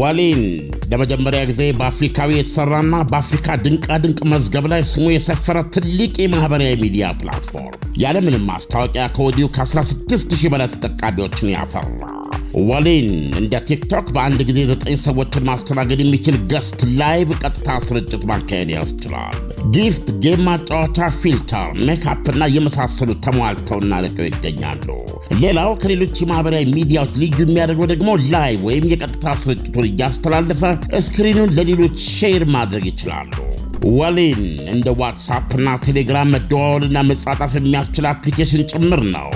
ዋሊን ለመጀመሪያ ጊዜ በአፍሪካዊ የተሰራና በአፍሪካ ድንቃድንቅ መዝገብ ላይ ስሙ የሰፈረ ትልቅ የማህበራዊ ሚዲያ ፕላትፎርም ያለምንም ማስታወቂያ ከወዲሁ ከ16 በላይ ተጠቃሚዎችን ያፈራ ወሊን እንደ ቲክቶክ በአንድ ጊዜ ዘጠኝ ሰዎችን ማስተናገድ የሚችል ገስት ላይቭ ቀጥታ ስርጭት ማካሄድ ያስችላል። ጊፍት፣ ጌም ማጫወቻ፣ ፊልተር፣ እና የመሳሰሉ ተሟልተውና ርቀው ይገኛሉ። ሌላው ከሌሎች የማህበራዊ ሚዲያዎች ልዩ የሚያደርገው ደግሞ ላይቭ ወይም የቀጥታ ስርጭቱን እያስተላለፈ ስክሪኑን ለሌሎች ሼር ማድረግ ይችላሉ። ወሊን እንደ እና ቴሌግራም እና መጻጣፍ የሚያስችል አፕሊኬሽን ጭምር ነው።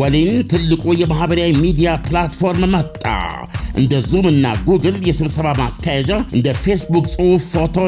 ወሊን ትልቁ የማህበራዊ ሚዲያ ፕላትፎርም መጣ። እንደ ዙም እና ጉግል የስብሰባ ማካሄጃ፣ እንደ ፌስቡክ ጽሑፍ፣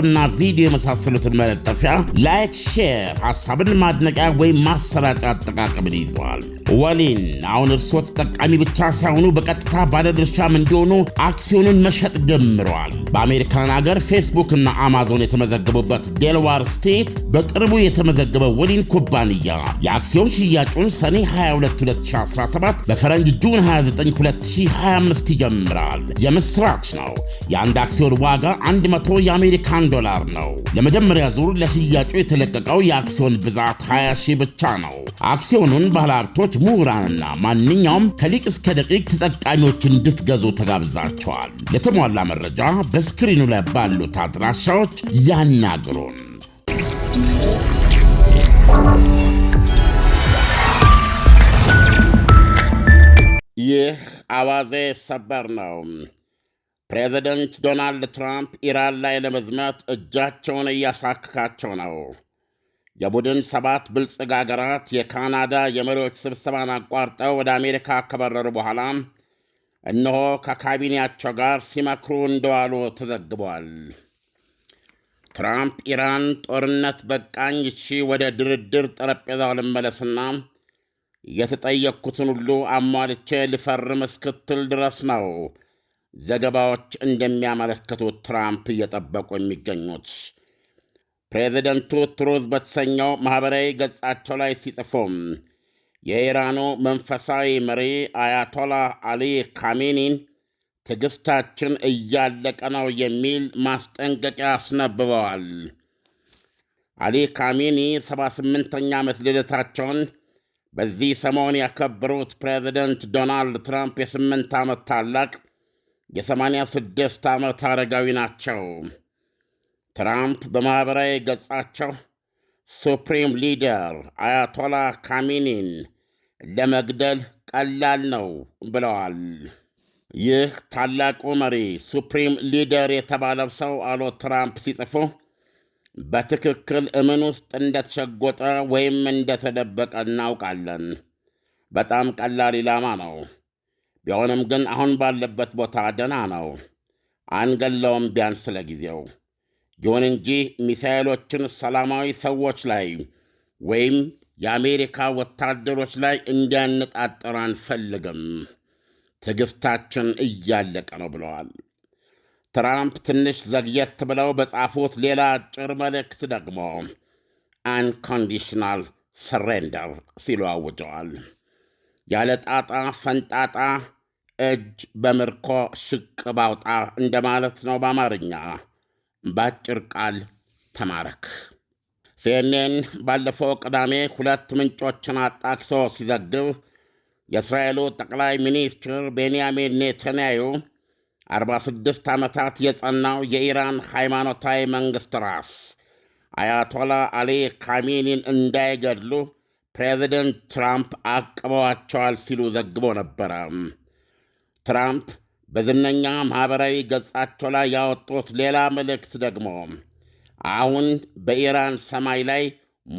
እና ቪዲዮ የመሳሰሉትን መለጠፊያ፣ ላይክ፣ ሼር፣ ሀሳብን ማድነቂያ ወይም ማሰራጫ አጠቃቀምን ይዘዋል። ወሊን አሁን እርስዎ ተጠቃሚ ብቻ ሳይሆኑ በቀጥታ ባለድርሻም እንዲሆኑ አክሲዮኑን መሸጥ ጀምረዋል። በአሜሪካን ሀገር ፌስቡክ እና አማዞን የተመዘገቡበት ዴልዋር ስቴት በቅርቡ የተመዘገበ ወሊን ኩባንያ የአክሲዮን ሽያጩን ሰኔ 22 2017 በፈረንጅ ጁን 29 2025 ይጀምራል። የምስራች ነው። የአንድ አክሲዮን ዋጋ 100 የአሜሪካን ዶላር ነው። ለመጀመሪያ ዙር ለሽያጩ የተለቀቀው የአክሲዮን ብዛት 20 ሺህ ብቻ ነው። አክሲዮኑን ባለሀብቶች ምሁራንና ማንኛውም ከሊቅ እስከ ደቂቅ ተጠቃሚዎች እንድትገዙ ተጋብዛቸዋል። የተሟላ መረጃ በስክሪኑ ላይ ባሉት አድራሻዎች ያናግሩን። ይህ አዋዜ ሰበር ነው። ፕሬዚደንት ዶናልድ ትራምፕ ኢራን ላይ ለመዝመት እጃቸውን እያሳክካቸው ነው። የቡድን ሰባት ብልጽግ አገራት የካናዳ የመሪዎች ስብሰባን አቋርጠው ወደ አሜሪካ ከበረሩ በኋላ እነሆ ከካቢኔያቸው ጋር ሲመክሩ እንደዋሉ ተዘግበዋል። ትራምፕ ኢራን ጦርነት በቃኝ፣ ይቺ ወደ ድርድር ጠረጴዛው ልመለስና የተጠየቅኩትን ሁሉ አሟልቼ ልፈርም እስክትል ድረስ ነው ዘገባዎች እንደሚያመለክቱት ትራምፕ እየጠበቁ የሚገኙት። ፕሬዚደንቱ ትሩዝ በተሰኘው ማኅበራዊ ገጻቸው ላይ ሲጽፉም የኢራኑ መንፈሳዊ መሪ አያቶላ አሊ ካሜኒን ትዕግሥታችን እያለቀ ነው የሚል ማስጠንቀቂያ አስነብበዋል። አሊ ካሜኒ 78ኛ ዓመት ልደታቸውን በዚህ ሰሞን ያከበሩት ፕሬዚደንት ዶናልድ ትራምፕ የ8 ዓመት ታላቅ የ86 ዓመት አረጋዊ ናቸው። ትራምፕ በማኅበራዊ ገጻቸው ሱፕሪም ሊደር አያቶላ ካሚኒን ለመግደል ቀላል ነው ብለዋል። ይህ ታላቁ መሪ ሱፕሪም ሊደር የተባለው ሰው አሎ ትራምፕ ሲጽፉ በትክክል እምን ውስጥ እንደተሸጎጠ ወይም እንደተደበቀ እናውቃለን። በጣም ቀላል ኢላማ ነው። ቢሆንም ግን አሁን ባለበት ቦታ ደና ነው፣ አንገለውም ቢያንስ ለጊዜው ይሁን እንጂ ሚሳኤሎችን ሰላማዊ ሰዎች ላይ ወይም የአሜሪካ ወታደሮች ላይ እንዲያነጣጠር አንፈልግም። ትዕግሥታችን እያለቀ ነው ብለዋል። ትራምፕ ትንሽ ዘግየት ብለው በጻፉት ሌላ አጭር መልእክት ደግሞ አንኮንዲሽናል ሰሬንደር ሲሉ አውጀዋል። ያለ ጣጣ ፈንጣጣ እጅ በምርኮ ሽቅ ባውጣ እንደማለት ነው በአማርኛ። በአጭር ቃል ተማረክ። ሲኤንኤን ባለፈው ቅዳሜ ሁለት ምንጮችን አጣቅሶ ሲዘግብ የእስራኤሉ ጠቅላይ ሚኒስትር ቤንያሚን ኔተንያዩ 46 ዓመታት የጸናው የኢራን ሃይማኖታዊ መንግሥት ራስ አያቶላ አሊ ካሚኒን እንዳይገድሉ ፕሬዚደንት ትራምፕ አቅበዋቸዋል ሲሉ ዘግቦ ነበረ። ትራምፕ በዝነኛ ማኅበራዊ ገጻቸው ላይ ያወጡት ሌላ መልእክት ደግሞ አሁን በኢራን ሰማይ ላይ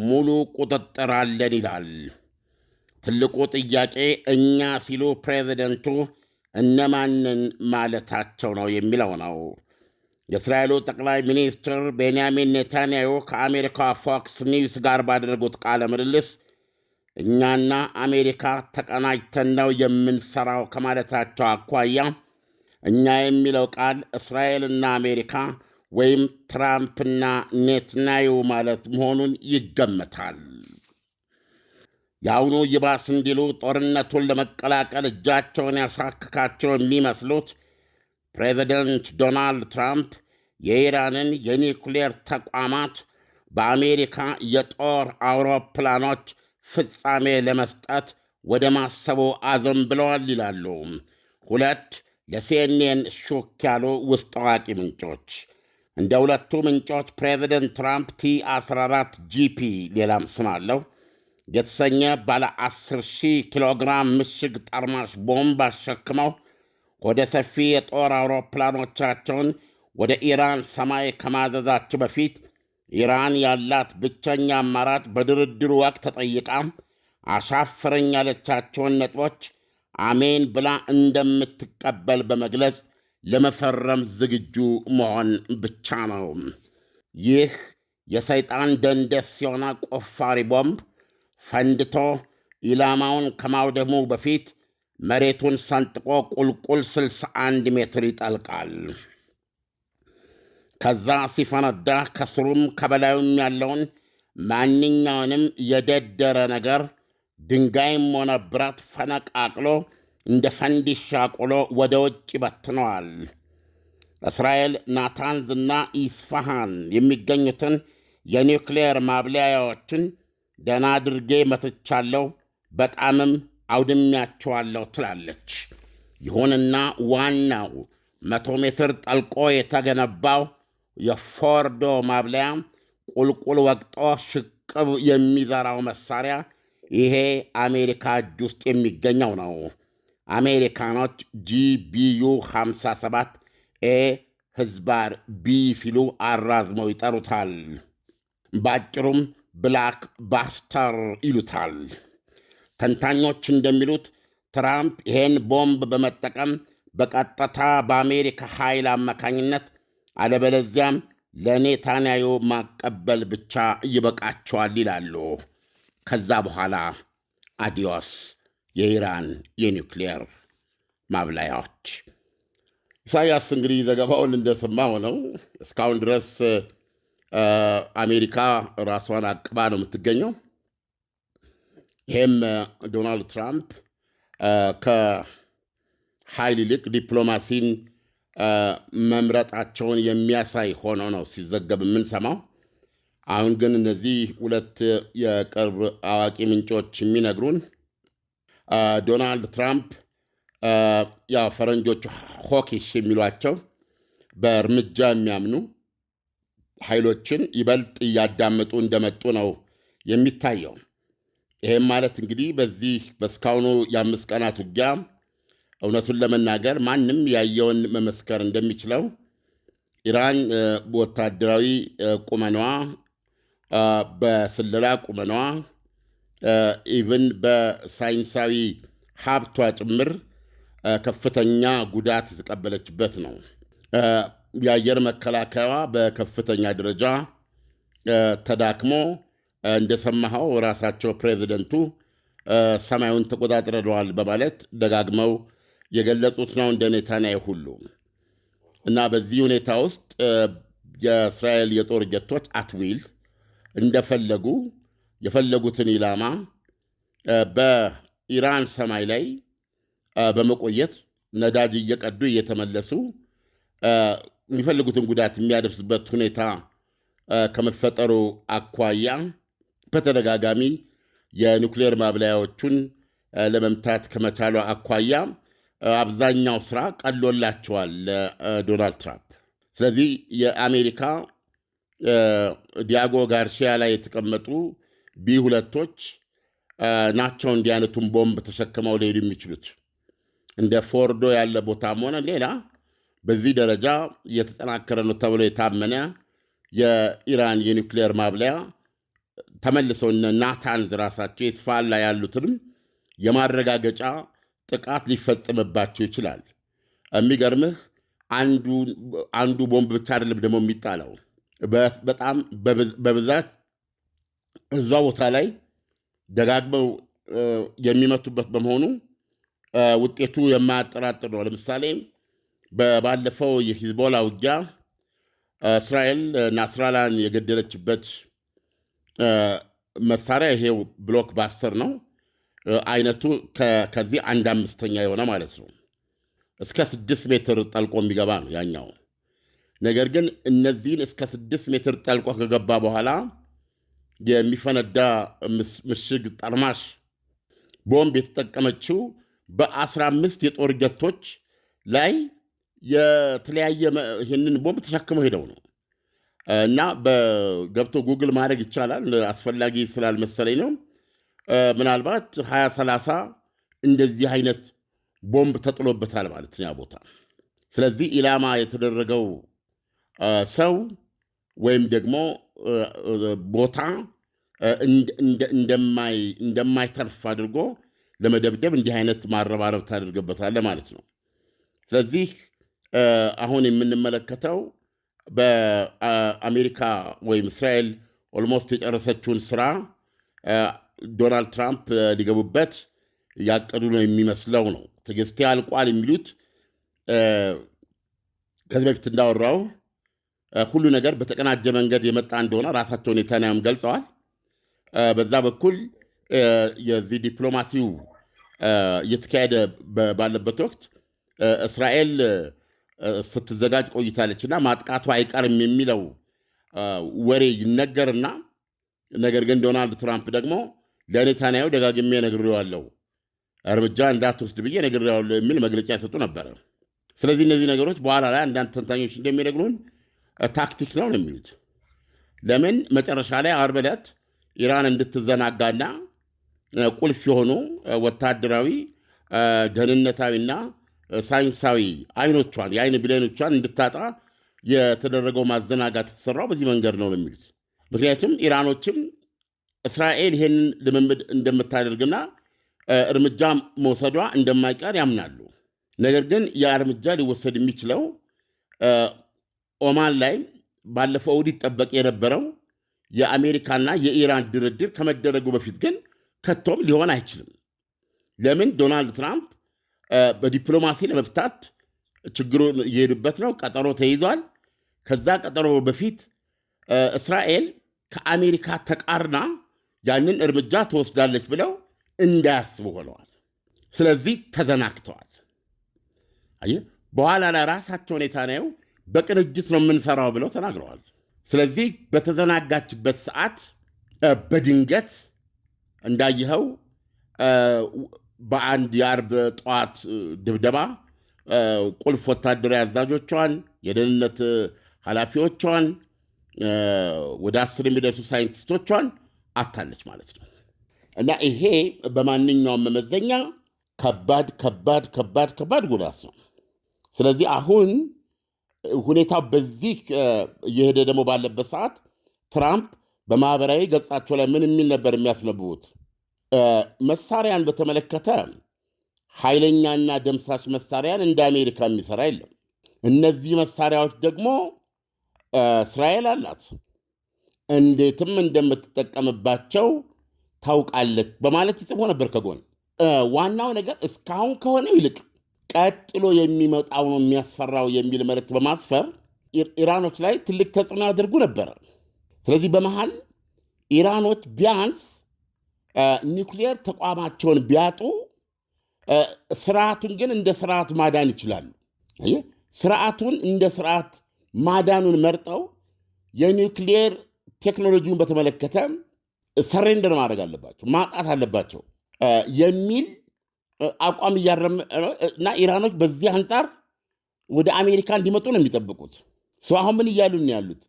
ሙሉ ቁጥጥር አለን ይላል። ትልቁ ጥያቄ እኛ ሲሉ ፕሬዚደንቱ እነማንን ማለታቸው ነው የሚለው ነው። የእስራኤሉ ጠቅላይ ሚኒስትር ቤንያሚን ኔታንያሁ ከአሜሪካ ፎክስ ኒውስ ጋር ባደረጉት ቃለ ምልልስ እኛና አሜሪካ ተቀናጅተን ነው የምንሠራው ከማለታቸው አኳያ እኛ የሚለው ቃል እስራኤልና አሜሪካ ወይም ትራምፕና ኔትናዩ ማለት መሆኑን ይገመታል። የአሁኑ ይባስ እንዲሉ ጦርነቱን ለመቀላቀል እጃቸውን ያሳክካቸው የሚመስሉት ፕሬዚደንት ዶናልድ ትራምፕ የኢራንን የኒውክሌር ተቋማት በአሜሪካ የጦር አውሮፕላኖች ፍጻሜ ለመስጠት ወደ ማሰቡ አዘን ብለዋል ይላሉ። ሁለት ለሲኤንኤን ሹክ ያሉ ውስጥ አዋቂ ምንጮች እንደ ሁለቱ ምንጮች ፕሬዚደንት ትራምፕ ቲ 14 ጂፒ ሌላም ስም አለው የተሰኘ ባለ 10 ሺህ ኪሎግራም ምሽግ ጠርማሽ ቦምብ አሸክመው ወደ ሰፊ የጦር አውሮፕላኖቻቸውን ወደ ኢራን ሰማይ ከማዘዛቸው በፊት ኢራን ያላት ብቸኛ አማራጭ በድርድሩ ወቅት ተጠይቃ አሻፈረኝ ያለቻቸውን ነጥቦች አሜን ብላ እንደምትቀበል በመግለጽ ለመፈረም ዝግጁ መሆን ብቻ ነው። ይህ የሰይጣን ደንደስ የሆነ ቆፋሪ ቦምብ ፈንድቶ ኢላማውን ከማውደሙ በፊት መሬቱን ሰንጥቆ ቁልቁል 61 ሜትር ይጠልቃል። ከዛ ሲፈነዳ ከስሩም ከበላዩም ያለውን ማንኛውንም የደደረ ነገር ድንጋይም ሆነ ብረት ፈነቃቅሎ እንደ ፈንዲሻ ቁሎ ወደ ውጭ ይበትነዋል። እስራኤል እና ኢስፋሃን የሚገኙትን የኒውክሌየር ማብለያዎችን ደና አድርጌ መትቻለሁ፣ በጣምም አውድሚያቸዋለሁ ትላለች። ይሁንና ዋናው መቶ ሜትር ጠልቆ የተገነባው የፎርዶ ማብለያ ቁልቁል ወቅጦ ሽቅብ የሚዘራው መሳሪያ ይሄ አሜሪካ እጅ ውስጥ የሚገኘው ነው። አሜሪካኖች ጂቢዩ 57 ኤ ህዝባር ቢ ሲሉ አራዝመው ይጠሩታል። በአጭሩም ብላክ ባስተር ይሉታል። ተንታኞች እንደሚሉት ትራምፕ ይሄን ቦምብ በመጠቀም በቀጥታ በአሜሪካ ኃይል አማካኝነት አለበለዚያም ለኔታንያዩ ማቀበል ብቻ ይበቃቸዋል ይላሉ። ከዛ በኋላ አዲዮስ የኢራን የኒውክሊየር ማብላያዎች። ኢሳያስ እንግዲህ ዘገባውን እንደሰማው ነው። እስካሁን ድረስ አሜሪካ ራሷን አቅባ ነው የምትገኘው። ይህም ዶናልድ ትራምፕ ከኃይል ይልቅ ዲፕሎማሲን መምረጣቸውን የሚያሳይ ሆኖ ነው ሲዘገብ የምንሰማው። አሁን ግን እነዚህ ሁለት የቅርብ አዋቂ ምንጮች የሚነግሩን ዶናልድ ትራምፕ ያው ፈረንጆቹ ሆኪሽ የሚሏቸው በእርምጃ የሚያምኑ ኃይሎችን ይበልጥ እያዳመጡ እንደመጡ ነው የሚታየው። ይህም ማለት እንግዲህ በዚህ በእስካሁኑ የአምስት ቀናት ውጊያ እውነቱን ለመናገር ማንም ያየውን መመስከር እንደሚችለው ኢራን በወታደራዊ ቁመኗ በስለላ ቁመናዋ ኢቭን በሳይንሳዊ ሀብቷ ጭምር ከፍተኛ ጉዳት የተቀበለችበት ነው። የአየር መከላከያዋ በከፍተኛ ደረጃ ተዳክሞ እንደሰማኸው ራሳቸው ፕሬዚደንቱ ሰማዩን ተቆጣጥረነዋል በማለት ደጋግመው የገለጹት ነው እንደ ኔታንያሁ ሁሉ እና በዚህ ሁኔታ ውስጥ የእስራኤል የጦር ጀቶች አትዊል እንደፈለጉ የፈለጉትን ኢላማ በኢራን ሰማይ ላይ በመቆየት ነዳጅ እየቀዱ እየተመለሱ የሚፈልጉትን ጉዳት የሚያደርስበት ሁኔታ ከመፈጠሩ አኳያ በተደጋጋሚ የኒውክሌር ማብላያዎቹን ለመምታት ከመቻሏ አኳያ አብዛኛው ስራ ቀሎላቸዋል ዶናልድ ትራምፕ። ስለዚህ የአሜሪካ ዲያጎ ጋርሲያ ላይ የተቀመጡ ቢ ሁለቶች ናቸው። እንዲህ አይነቱን ቦምብ ተሸክመው ሊሄዱ የሚችሉት እንደ ፎርዶ ያለ ቦታም ሆነ ሌላ በዚህ ደረጃ እየተጠናከረ ነው ተብሎ የታመነ የኢራን የኒውክሌር ማብለያ ተመልሰው እነ ናታንዝ ራሳቸው የስፋን ላይ ያሉትንም የማረጋገጫ ጥቃት ሊፈጽምባቸው ይችላል። የሚገርምህ አንዱ ቦምብ ብቻ አይደለም ደግሞ የሚጣለው በጣም በብዛት እዛ ቦታ ላይ ደጋግመው የሚመቱበት በመሆኑ ውጤቱ የማያጠራጥር ነው። ለምሳሌ ባለፈው የሂዝቦላ ውጊያ እስራኤል ናስራላን የገደለችበት መሳሪያ ይሄው ብሎክ ባስተር ነው። አይነቱ ከዚህ አንድ አምስተኛ የሆነ ማለት ነው። እስከ ስድስት ሜትር ጠልቆ የሚገባ ነው ያኛው። ነገር ግን እነዚህን እስከ ስድስት ሜትር ጠልቆ ከገባ በኋላ የሚፈነዳ ምሽግ ጠርማሽ ቦምብ የተጠቀመችው በ15 የጦር ጀቶች ላይ የተለያየ ይህንን ቦምብ ተሸክመው ሄደው ነው እና በገብቶ ጉግል ማድረግ ይቻላል። አስፈላጊ ስላልመሰለኝ ነው። ምናልባት 2030 እንደዚህ አይነት ቦምብ ተጥሎበታል ማለት ነው ያ ቦታ። ስለዚህ ኢላማ የተደረገው ሰው ወይም ደግሞ ቦታ እንደማይተርፍ አድርጎ ለመደብደብ እንዲህ አይነት ማረባረብ ታደርግበታለ ማለት ነው። ስለዚህ አሁን የምንመለከተው በአሜሪካ ወይም እስራኤል ኦልሞስት የጨረሰችውን ስራ ዶናልድ ትራምፕ ሊገቡበት ያቀዱ ነው የሚመስለው ነው። ትዕግስቴ አልቋል የሚሉት ከዚህ በፊት እንዳወራው ሁሉ ነገር በተቀናጀ መንገድ የመጣ እንደሆነ ራሳቸው ኔታንያም ገልጸዋል። በዛ በኩል የዚህ ዲፕሎማሲው እየተካሄደ ባለበት ወቅት እስራኤል ስትዘጋጅ ቆይታለች እና ማጥቃቱ አይቀርም የሚለው ወሬ ይነገርና ነገር ግን ዶናልድ ትራምፕ ደግሞ ለኔታንያሁ ደጋግሜ ነግሬዋለሁ፣ እርምጃ እንዳትወስድ ብዬ ነግሬዋለሁ የሚል መግለጫ ይሰጡ ነበረ። ስለዚህ እነዚህ ነገሮች በኋላ ላይ አንዳንድ ተንታኞች እንደሚነግሩን ታክቲክ ነው ነው የሚሉት። ለምን መጨረሻ ላይ አርብ ዕለት ኢራን እንድትዘናጋና ቁልፍ የሆኑ ወታደራዊ ደህንነታዊና ሳይንሳዊ አይኖቿን የአይን ብሌኖቿን እንድታጣ የተደረገው ማዘናጋት የተሰራው በዚህ መንገድ ነው ነው የሚሉት። ምክንያቱም ኢራኖችም እስራኤል ይሄንን ልምምድ እንደምታደርግና እርምጃ መውሰዷ እንደማይቀር ያምናሉ። ነገር ግን ያ እርምጃ ሊወሰድ የሚችለው ኦማን ላይ ባለፈው እሁድ ይጠበቅ የነበረው የአሜሪካና የኢራን ድርድር ከመደረጉ በፊት ግን ከቶም ሊሆን አይችልም። ለምን? ዶናልድ ትራምፕ በዲፕሎማሲ ለመፍታት ችግሩን እየሄዱበት ነው። ቀጠሮ ተይዟል። ከዛ ቀጠሮ በፊት እስራኤል ከአሜሪካ ተቃርና ያንን እርምጃ ትወስዳለች ብለው እንዳያስቡ ሆነዋል። ስለዚህ ተዘናግተዋል። በኋላ ላይ ራሳቸው ሁኔታ ነው በቅንጅት ነው የምንሰራው ብለው ተናግረዋል። ስለዚህ በተዘናጋችበት ሰዓት በድንገት እንዳየኸው በአንድ የአርብ ጠዋት ድብደባ ቁልፍ ወታደራዊ አዛዦቿን፣ የደህንነት ኃላፊዎቿን፣ ወደ አስር የሚደርሱ ሳይንቲስቶቿን አታለች ማለት ነው እና ይሄ በማንኛውም መመዘኛ ከባድ ከባድ ከባድ ከባድ ጉዳት ነው። ስለዚህ አሁን ሁኔታ በዚህ እየሄደ ደግሞ ባለበት ሰዓት ትራምፕ በማህበራዊ ገጻቸው ላይ ምን የሚል ነበር የሚያስነብቡት? መሳሪያን በተመለከተ ኃይለኛና ደምሳሽ መሳሪያን እንደ አሜሪካ የሚሰራ የለም። እነዚህ መሳሪያዎች ደግሞ እስራኤል አላት፣ እንዴትም እንደምትጠቀምባቸው ታውቃለች በማለት ይጽፎ ነበር። ከጎን ዋናው ነገር እስካሁን ከሆነው ይልቅ ቀጥሎ የሚመጣው ነው የሚያስፈራው የሚል መልእክት በማስፈር ኢራኖች ላይ ትልቅ ተጽዕኖ ያደርጉ ነበረ። ስለዚህ በመሀል ኢራኖች ቢያንስ ኒውክሊየር ተቋማቸውን ቢያጡ ስርዓቱን ግን እንደ ስርዓት ማዳን ይችላሉ። ስርዓቱን እንደ ስርዓት ማዳኑን መርጠው የኒውክሊየር ቴክኖሎጂውን በተመለከተ ሰሬንደር ማድረግ አለባቸው፣ ማጣት አለባቸው የሚል አቋም እያረም እና ኢራኖች በዚህ አንጻር ወደ አሜሪካ እንዲመጡ ነው የሚጠብቁት። ሰው አሁን ምን እያሉ ነው ያሉት?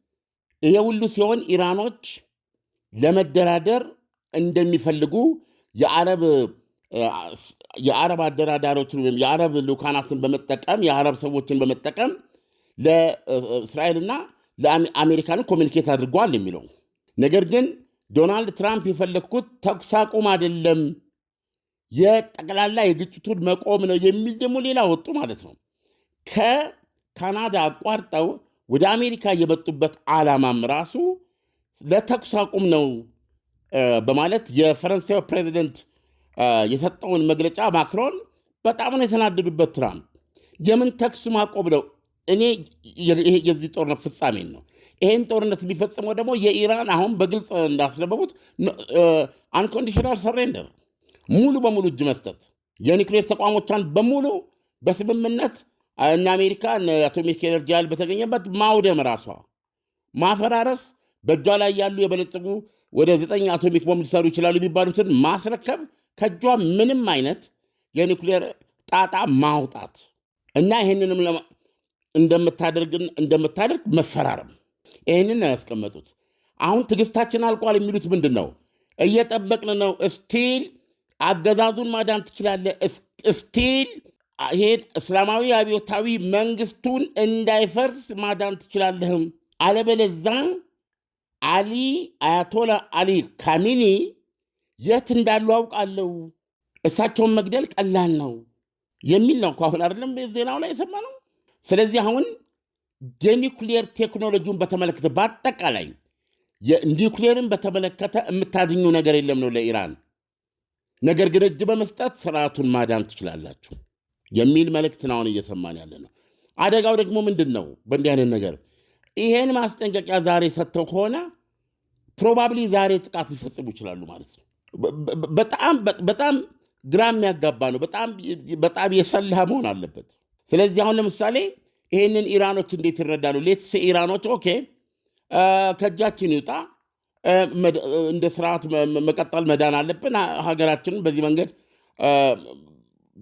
ይሄ ሁሉ ሲሆን ኢራኖች ለመደራደር እንደሚፈልጉ የአረብ የአረብ አደራዳሪዎችን ወይም የአረብ ልኡካናትን በመጠቀም የአረብ ሰዎችን በመጠቀም ለእስራኤልና ለአሜሪካንን ኮሚኒኬት አድርጓል የሚለው ነገር ግን ዶናልድ ትራምፕ የፈለግኩት ተኩስ አቁም አይደለም የጠቅላላ የግጭቱን መቆም ነው የሚል ደግሞ ሌላ ወጡ ማለት ነው። ከካናዳ አቋርጠው ወደ አሜሪካ የመጡበት ዓላማም ራሱ ለተኩስ አቁም ነው በማለት የፈረንሳዊ ፕሬዚደንት የሰጠውን መግለጫ ማክሮን በጣም ነው የተናደዱበት። ትራምፕ የምን ተኩስ ማቆም ነው? እኔ የዚህ ጦርነት ፍጻሜን ነው። ይሄን ጦርነት የሚፈጽመው ደግሞ የኢራን አሁን በግልጽ እንዳስነበቡት አንኮንዲሽናል ሰሬንደር ሙሉ በሙሉ እጅ መስጠት የኒክሌር ተቋሞቿን በሙሉ በስምምነት እነ አሜሪካ አቶሚክ ኤነርጂ ያል በተገኘበት ማውደም ራሷ ማፈራረስ በእጇ ላይ ያሉ የበለጸጉ ወደ ዘጠኝ አቶሚክ ቦምብ ሊሰሩ ይችላሉ የሚባሉትን ማስረከብ ከእጇ ምንም አይነት የኒክሌር ጣጣ ማውጣት እና ይህንንም እንደምታደርግ እንደምታደርግ መፈራረም ይህንን ነው ያስቀመጡት። አሁን ትዕግስታችን አልቋል የሚሉት ምንድን ነው? እየጠበቅን ነው። ስቲል አገዛዙን ማዳን ትችላለህ። እስቲል ይሄን እስላማዊ አብዮታዊ መንግስቱን እንዳይፈርስ ማዳን ትችላለህም። አለበለዛ አሊ አያቶላ አሊ ካሚኒ የት እንዳሉ አውቃለሁ፣ እሳቸውን መግደል ቀላል ነው የሚል ነው። አሁን አይደለም ዜናው ላይ የሰማ ነው። ስለዚህ አሁን የኒውክሌር ቴክኖሎጂውን በተመለከተ በአጠቃላይ ኒውክሌርን በተመለከተ የምታድኙ ነገር የለም ነው ለኢራን ነገር ግን እጅ በመስጠት ስርዓቱን ማዳን ትችላላችሁ የሚል መልእክት አሁን እየሰማን ያለ ነው። አደጋው ደግሞ ምንድን ነው? በእንዲህ አይነት ነገር ይሄን ማስጠንቀቂያ ዛሬ ሰጥተው ከሆነ ፕሮባብሊ ዛሬ ጥቃት ሊፈጽሙ ይችላሉ ማለት ነው። በጣም በጣም ግራ የሚያጋባ ነው። በጣም የሰላ መሆን አለበት። ስለዚህ አሁን ለምሳሌ ይሄንን ኢራኖች እንዴት ይረዳሉ? ሌትስ ኢራኖች ኦኬ ከእጃችን ይውጣ እንደ ስርዓት መቀጠል መዳን አለብን። ሀገራችንን በዚህ መንገድ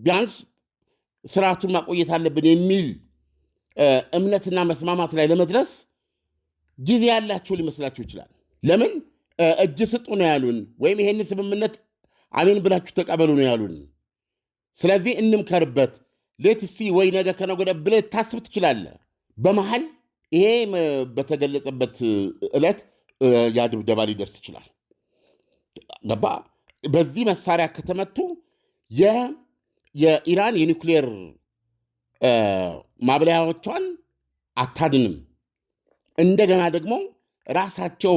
ቢያንስ ስርዓቱን ማቆየት አለብን የሚል እምነትና መስማማት ላይ ለመድረስ ጊዜ ያላቸው ሊመስላችሁ ይችላል። ለምን እጅ ስጡ ነው ያሉን፣ ወይም ይሄን ስምምነት አሜን ብላችሁ ተቀበሉ ነው ያሉን። ስለዚህ እንምከርበት፣ ሌት እስቲ ወይ ነገ ከነገ ወዲያ ብለህ ታስብ ትችላለህ። በመሀል ይሄ በተገለጸበት ዕለት ያ ድብደባ ሊደርስ ይችላል። ገባ? በዚህ መሳሪያ ከተመቱ የኢራን የኒውክሌር ማብለያዎቿን አታድንም። እንደገና ደግሞ ራሳቸው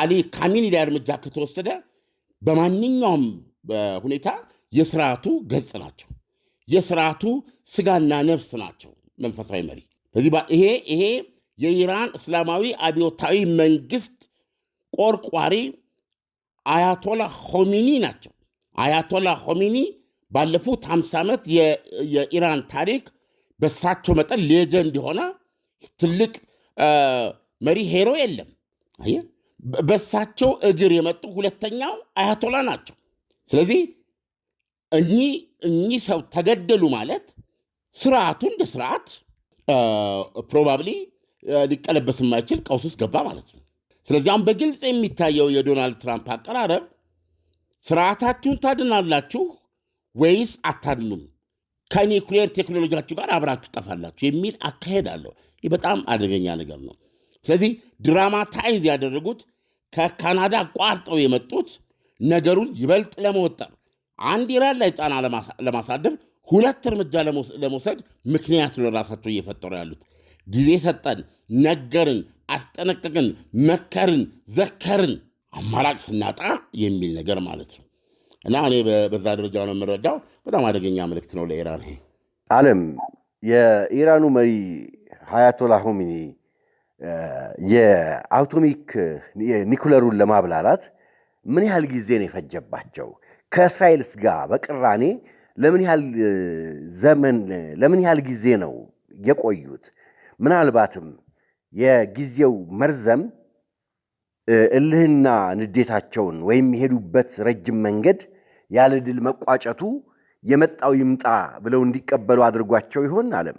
አሊ ካሚኒ ላይ እርምጃ ከተወሰደ በማንኛውም ሁኔታ የስርዓቱ ገጽ ናቸው። የስርዓቱ ስጋና ነፍስ ናቸው። መንፈሳዊ መሪ በዚህ ይሄ ይሄ የኢራን እስላማዊ አብዮታዊ መንግስት ቆርቋሪ አያቶላ ሆሚኒ ናቸው። አያቶላ ሆሚኒ ባለፉት 50 ዓመት የኢራን ታሪክ በሳቸው መጠን ሌጀንድ የሆነ ትልቅ መሪ ሄሮ የለም። በሳቸው እግር የመጡ ሁለተኛው አያቶላ ናቸው። ስለዚህ እኚህ ሰው ተገደሉ ማለት ስርዓቱ እንደ ስርዓት ፕሮባብሊ ሊቀለበስ የማይችል ቀውስ ውስጥ ገባ ማለት ነው። ስለዚህ አሁን በግልጽ የሚታየው የዶናልድ ትራምፕ አቀራረብ ስርዓታችሁን ታድናላችሁ ወይስ አታድኑም፣ ከኒውክሌር ቴክኖሎጂችሁ ጋር አብራችሁ ጠፋላችሁ የሚል አካሄድ አለው። ይህ በጣም አደገኛ ነገር ነው። ስለዚህ ድራማታይዝ ያደረጉት ከካናዳ ቋርጠው የመጡት ነገሩን ይበልጥ ለመወጠር አንድ ኢራን ላይ ጫና ለማሳደር ሁለት እርምጃ ለመውሰድ ምክንያት ለራሳቸው እየፈጠሩ ያሉት ጊዜ ሰጠን፣ ነገርን፣ አስጠነቀቅን፣ መከርን፣ ዘከርን። አማራጭ ስናጣ የሚል ነገር ማለት ነው። እና እኔ በዛ ደረጃ ነው የምረዳው። በጣም አደገኛ ምልክት ነው ለኢራን። ይሄ አለም የኢራኑ መሪ ሀያቶላ ሆሚኒ የአቶሚክ ኒኩለሩን ለማብላላት ምን ያህል ጊዜ ነው የፈጀባቸው? ከእስራኤልስ ጋር በቅራኔ ለምን ያህል ዘመን ለምን ያህል ጊዜ ነው የቆዩት? ምናልባትም የጊዜው መርዘም እልህና ንዴታቸውን ወይም የሄዱበት ረጅም መንገድ ያለ ድል መቋጨቱ የመጣው ይምጣ ብለው እንዲቀበሉ አድርጓቸው ይሆን አለም።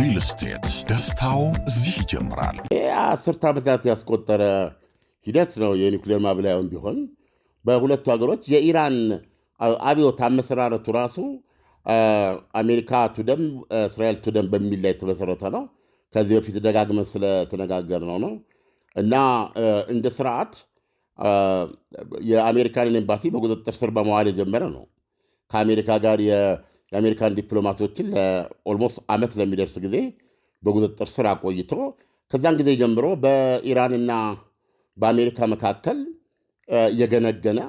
ሪል ስቴት ደስታው እዚህ ይጀምራል። አስርት ዓመታት ያስቆጠረ ሂደት ነው። የኒውክሌር ማብላያውን ቢሆን በሁለቱ ሀገሮች የኢራን አብዮት አመሰራረቱ ራሱ አሜሪካ ቱደም እስራኤል ቱደም በሚል ላይ የተመሰረተ ነው። ከዚህ በፊት ደጋግመን ስለተነጋገር ነው ነው እና እንደ ስርዓት የአሜሪካንን ኤምባሲ በቁጥጥር ስር በመዋል የጀመረ ነው ከአሜሪካ ጋር የአሜሪካን ዲፕሎማቶችን ለኦልሞስት ዓመት ለሚደርስ ጊዜ በቁጥጥር ስር አቆይቶ ከዛን ጊዜ ጀምሮ በኢራንና በአሜሪካ መካከል የገነገነ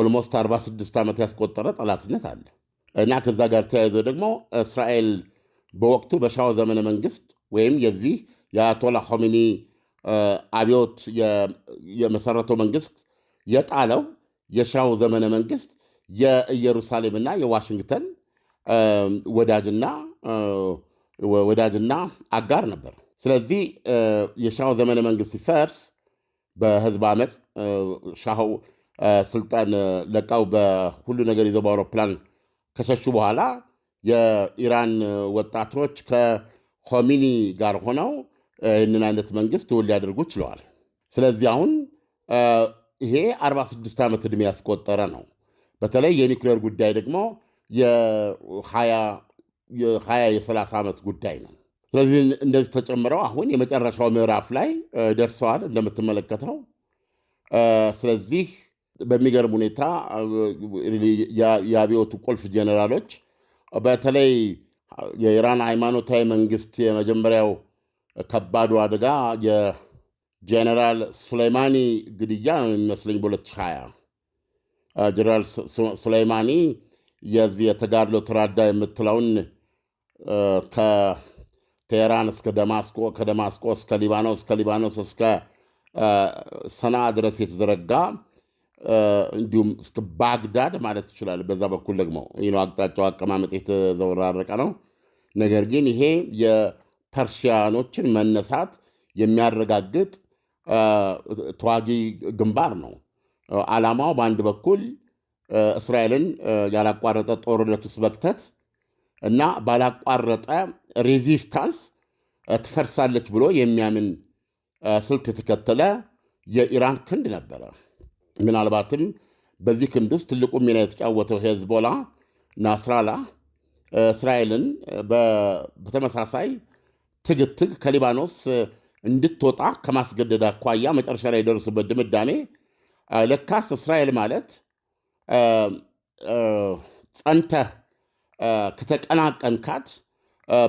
ኦልሞስት 46 ዓመት ያስቆጠረ ጠላትነት አለ እና ከዛ ጋር ተያይዞ ደግሞ እስራኤል በወቅቱ በሻዋ ዘመነ መንግስት ወይም የዚህ የአያቶላ ሆሚኒ አብዮት የመሰረተው መንግስት የጣለው የሻው ዘመነ መንግስት የኢየሩሳሌምና የዋሽንግተን ወዳጅና ወዳጅና አጋር ነበር። ስለዚህ የሻው ዘመነ መንግስት ሲፈርስ በህዝብ አመፅ ሻው ስልጣን ለቃው በሁሉ ነገር ይዘው በአውሮፕላን ከሸሹ በኋላ የኢራን ወጣቶች ከሆሚኒ ጋር ሆነው ይህንን አይነት መንግስት ውል ሊያደርጉ ችለዋል። ስለዚህ አሁን ይሄ 46 ዓመት ዕድሜ ያስቆጠረ ነው። በተለይ የኒውክሌር ጉዳይ ደግሞ የሀያ የሰላሳ ዓመት ጉዳይ ነው። ስለዚህ እንደዚህ ተጨምረው አሁን የመጨረሻው ምዕራፍ ላይ ደርሰዋል እንደምትመለከተው። ስለዚህ በሚገርም ሁኔታ የአብዮቱ ቁልፍ ጀኔራሎች በተለይ የኢራን ሃይማኖታዊ መንግስት የመጀመሪያው ከባዱ አደጋ የጀኔራል ሱሌይማኒ ግድያ ነው የሚመስለኝ በ2020 ጀነራል ሱሌይማኒ የዚህ የተጋድሎ ትራዳ የምትለውን ከቴሄራን እስከ ደማስቆ ከደማስቆ እስከ ሊባኖስ ከሊባኖስ እስከ ሰና ድረስ የተዘረጋ እንዲሁም እስከ ባግዳድ ማለት ይችላል። በዛ በኩል ደግሞ አቅጣጫው አቀማመጥ የተዘወራረቀ ነው። ነገር ግን ይሄ የፐርሺያኖችን መነሳት የሚያረጋግጥ ተዋጊ ግንባር ነው። ዓላማው በአንድ በኩል እስራኤልን ያላቋረጠ ጦርነት ውስጥ መክተት እና ባላቋረጠ ሬዚስታንስ ትፈርሳለች ብሎ የሚያምን ስልት የተከተለ የኢራን ክንድ ነበረ። ምናልባትም በዚህ ክንድ ውስጥ ትልቁ ሚና የተጫወተው ሄዝቦላ ናስራላ እስራኤልን በተመሳሳይ ትግትግ ከሊባኖስ እንድትወጣ ከማስገደድ አኳያ መጨረሻ ላይ የደረሱበት ድምዳሜ ለካስ እስራኤል ማለት ጸንተህ ከተቀናቀንካት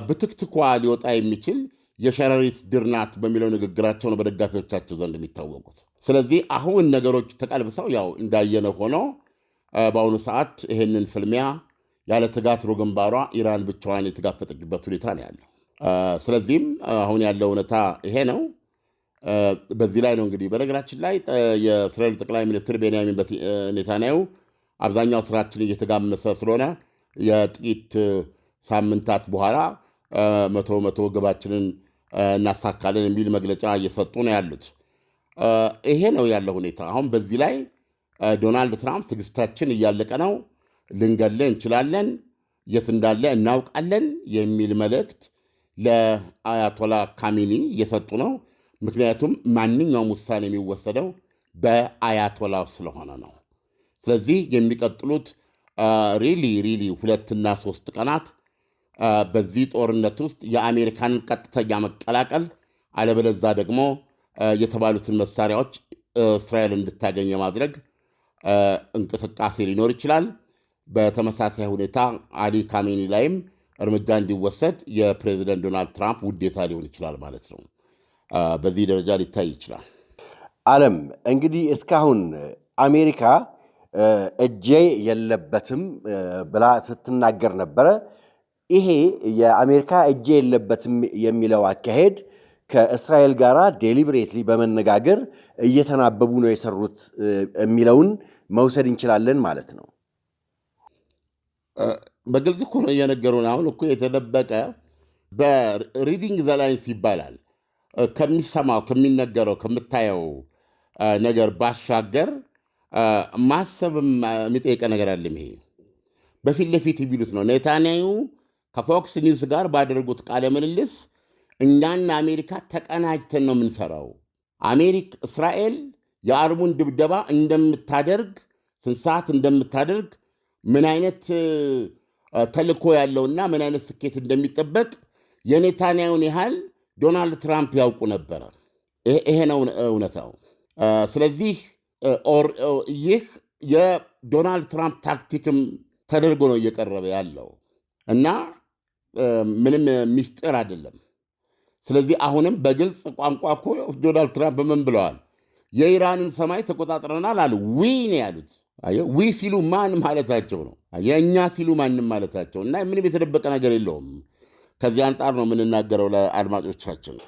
ብትክትኳ ሊወጣ የሚችል የሸረሪት ድር ናት በሚለው ንግግራቸው ነው በደጋፊዎቻቸው ዘንድ የሚታወቁት። ስለዚህ አሁን ነገሮች ተቀልብሰው ያው እንዳየነ ሆኖ በአሁኑ ሰዓት ይህንን ፍልሚያ ያለ ትጋት ሮ ግንባሯ ኢራን ብቻዋን የተጋፈጠችበት ሁኔታ ነው ያለው። ስለዚህም አሁን ያለው እውነታ ይሄ ነው። በዚህ ላይ ነው እንግዲህ በነገራችን ላይ የእስራኤል ጠቅላይ ሚኒስትር ቤንያሚን ኔታንያሁ አብዛኛው ስራችን እየተጋመሰ ስለሆነ የጥቂት ሳምንታት በኋላ መቶ መቶ ግባችንን እናሳካለን የሚል መግለጫ እየሰጡ ነው ያሉት። ይሄ ነው ያለው ሁኔታ። አሁን በዚህ ላይ ዶናልድ ትራምፕ ትዕግስታችን እያለቀ ነው፣ ልንገለ እንችላለን፣ የት እንዳለ እናውቃለን የሚል መልእክት ለአያቶላ ካሚኒ እየሰጡ ነው። ምክንያቱም ማንኛውም ውሳኔ የሚወሰደው በአያቶላው ስለሆነ ነው። ስለዚህ የሚቀጥሉት ሪሊ ሪሊ ሁለትና ሶስት ቀናት በዚህ ጦርነት ውስጥ የአሜሪካንን ቀጥተኛ መቀላቀል አለበለዛ ደግሞ የተባሉትን መሳሪያዎች እስራኤል እንድታገኝ የማድረግ እንቅስቃሴ ሊኖር ይችላል። በተመሳሳይ ሁኔታ አሊ ካሜኒ ላይም እርምጃ እንዲወሰድ የፕሬዚደንት ዶናልድ ትራምፕ ውዴታ ሊሆን ይችላል ማለት ነው። በዚህ ደረጃ ሊታይ ይችላል። አለም እንግዲህ እስካሁን አሜሪካ እጄ የለበትም ብላ ስትናገር ነበረ። ይሄ የአሜሪካ እጄ የለበትም የሚለው አካሄድ ከእስራኤል ጋር ዴሊብሬትሊ በመነጋገር እየተናበቡ ነው የሰሩት የሚለውን መውሰድ እንችላለን ማለት ነው። በግልጽ እኮ ነው እየነገሩን። አሁን እኮ የተደበቀ በሪዲንግ ዘላይንስ ይባላል ከሚሰማው ከሚነገረው ከምታየው ነገር ባሻገር ማሰብ የሚጠይቅ ነገር አለ። ይሄ በፊት ለፊት የሚሉት ነው። ኔታንያሁ ከፎክስ ኒውስ ጋር ባደረጉት ቃለ ምልልስ እኛና አሜሪካ ተቀናጅተን ነው የምንሰራው፣ እስራኤል የአርሙን ድብደባ እንደምታደርግ ስንት ሰዓት እንደምታደርግ ምን አይነት ተልእኮ ያለውና ምን አይነት ስኬት እንደሚጠበቅ የኔታንያሁን ያህል ዶናልድ ትራምፕ ያውቁ ነበረ። ይሄ ነው እውነታው። ስለዚህ ይህ የዶናልድ ትራምፕ ታክቲክም ተደርጎ ነው እየቀረበ ያለው እና ምንም ሚስጥር አይደለም። ስለዚህ አሁንም በግልጽ ቋንቋ እኮ ዶናልድ ትራምፕ ምን ብለዋል? የኢራንን ሰማይ ተቆጣጥረናል አሉ። ዊ ነው ያሉት። ዊ ሲሉ ማን ማለታቸው ነው? የእኛ ሲሉ ማንም ማለታቸው እና ምንም የተደበቀ ነገር የለውም። ከዚህ አንጻር ነው የምንናገረው ለአድማጮቻችን።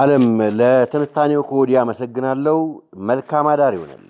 አለም ለትንታኔው ከወዲያ አመሰግናለሁ። መልካም አዳር ይሆናል።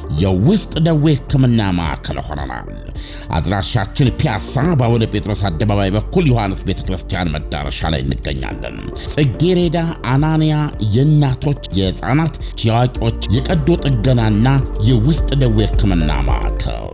የውስጥ ደዌ ሕክምና ማዕከል ሆነናል። አድራሻችን ፒያሳ በአቡነ ጴጥሮስ አደባባይ በኩል ዮሐንስ ቤተ ክርስቲያን መዳረሻ ላይ እንገኛለን። ጽጌሬዳ፣ አናንያ የእናቶች የሕፃናት፣ የአዋቂዎች የቀዶ ጥገናና የውስጥ ደዌ ሕክምና ማዕከል